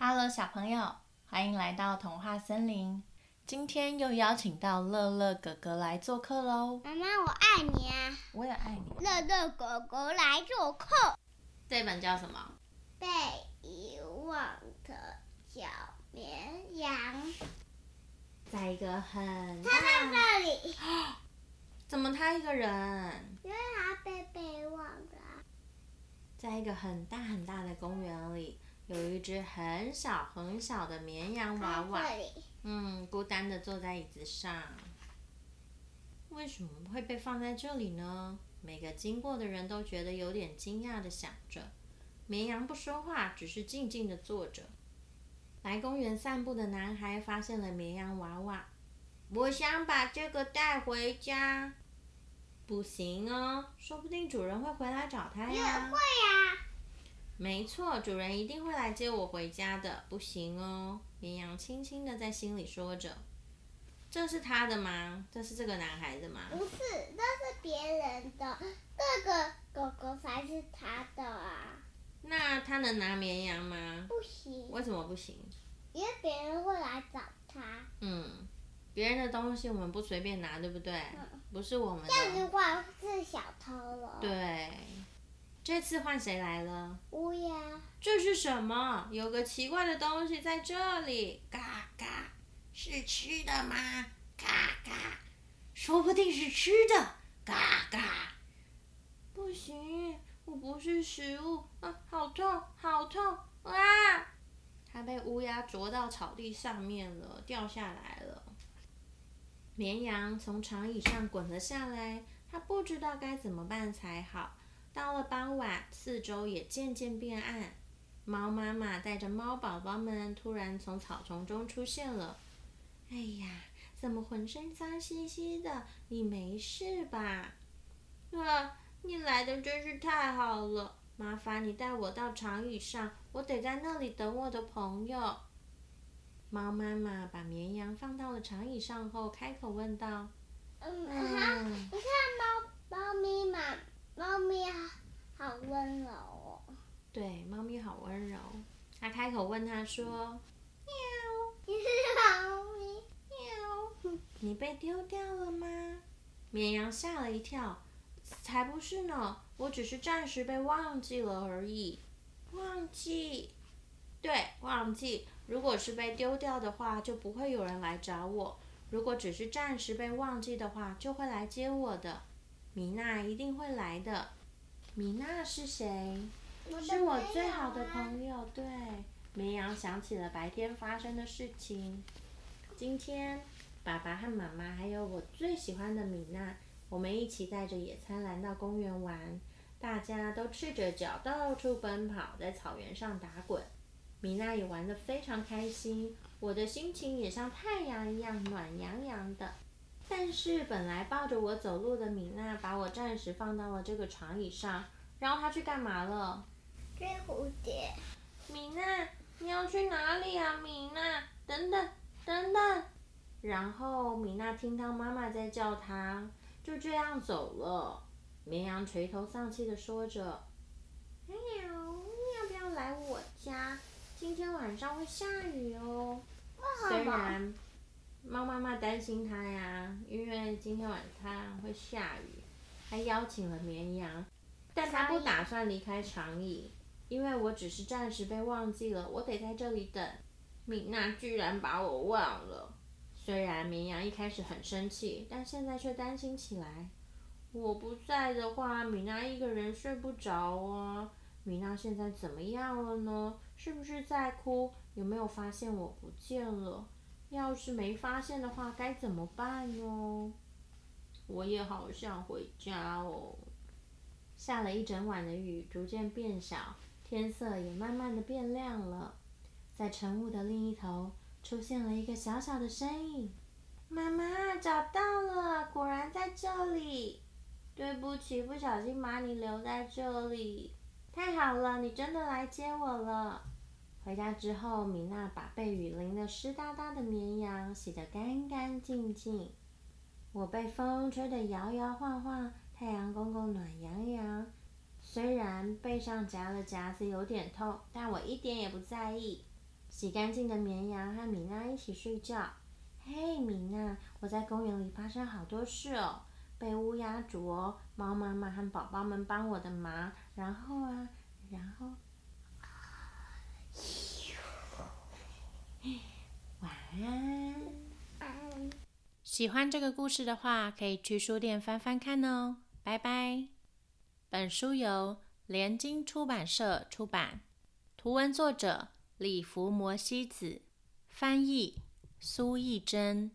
哈嘍，Hello, 小朋友，歡迎來到童話森林。今天又邀請到樂樂哥哥來做客嘍。媽媽，我愛你啊！我也愛你啊。樂樂哥哥來做客。這本叫什麼？被遺忘的小綿羊。在一個很大……他在這裡。怎麼他一個人？因為他被被忘了。在一個很大很大的公園裡。有一只很小很小的綿羊娃娃，嗯，孤單的坐在椅子上。為什麼會被放在這裡呢？每個經過的人都覺得有點驚訝的想着。綿羊不說話，只是靜靜的坐着。來公園散步的男孩發現了綿羊娃娃，我想把這個帶回家。不行哦，說不定主人會回來找他呀。也會呀、啊。沒錯，主人一定會來接我回家的。不行哦，綿羊輕輕地在心裡說着。這是他的嗎？這是這個男孩子嗎？不是，這是別人的。這個狗狗才是他的啊。那他能拿綿羊嗎？不行。為什麼不行？因為別人會來找他。嗯，別人的東西我們不隨便拿，對不對？嗯、不是我們的。這句話是小偷了。對。這次換誰來了？烏鴉。這是什麼？有個奇怪的東西在這裡。嘎嘎，是吃的嗎？嘎嘎，說不定是吃的。嘎嘎，不行，我不是食物。啊，好痛，好痛！哇、啊！它被烏鴉啄到草地上面了，掉下來了。綿羊從長椅上滾了下來，它不知道該怎麼辦才好。到了傍晚，四周也漸漸變暗。貓媽媽帶着貓寶寶們突然從草叢中出現了。哎呀，怎麼渾身髒兮兮的？你沒事吧？啊，你來得真是太好了！麻煩你帶我到長椅上，我得在那裡等我的朋友。貓媽媽把綿羊放到了長椅上後，開口問道：“嗯，嗯啊、你看貓，貓咪嘛。貓咪啊，好溫柔哦。對，貓咪好溫柔。它開口問它說：“喵，你是貓咪？喵，你被丟掉了嗎？”綿羊嚇了一跳，“才不是呢，我只是暫時被忘記了而已。”忘記？對，忘記。如果是被丟掉的話，就不會有人來找我；如果只是暫時被忘記的話，就會來接我的。.米娜一定會來的。米娜是誰？我啊、是我最好的朋友。對，綿羊想起了白天發生的事情。今天，爸爸和媽媽還有我最喜歡的米娜，我們一起帶着野餐來到公園玩。大家都赤着腳到，到處奔跑，在草原上打滾。米娜也玩得非常開心，我的心情也像太陽一樣暖洋洋的。但是本來抱着我走路的米娜把我暫時放到了這個長椅上，然後她去幹嘛了？追蝴蝶。米娜，你要去哪裡啊？米娜，等等，等等。然後米娜聽到媽媽在叫她，就這樣走了。綿羊垂頭喪氣地說着：“哎呦，你要不要來我家？今天晚上會下雨哦。啊”雖然。貓媽媽擔心它呀，因為今天晚上會下雨，還邀請了綿羊，但它不打算離開長椅，因為我只是暫時被忘記了，我得在這裡等。米娜居然把我忘了！雖然綿羊一開始很生氣，但現在卻擔心起來。我不在的話，米娜一個人睡不着啊。米娜現在怎麼樣了呢？是不是在哭？有沒有發現我不見了？要是沒發現的話，該怎麼辦喲？我也好想回家哦。下了一整晚的雨，逐漸變小，天色也慢慢的變亮了。在晨霧的另一頭，出現了一個小小的身影。媽媽，找到了，果然在這裡。對不起，不小心把你留在這裡。太好了，你真的來接我了。回家之後，米娜把被雨淋得濕噠噠的綿羊洗得乾乾淨淨。我被風吹得搖搖晃晃，太陽公公暖洋洋。雖然背上夾了夾子有點痛，但我一點也不在意。洗乾淨的綿羊和米娜一起睡覺。嘿，米娜，我在公園裡發生好多事哦，被烏鴉啄，貓媽媽和寶寶們幫我的忙，然後啊，然後。嗯嗯、喜歡這個故事的話，可以去書店翻翻看哦！拜拜。本書由聯經出版社出版，圖文作者豊福摩希子，翻譯蘇懿禎。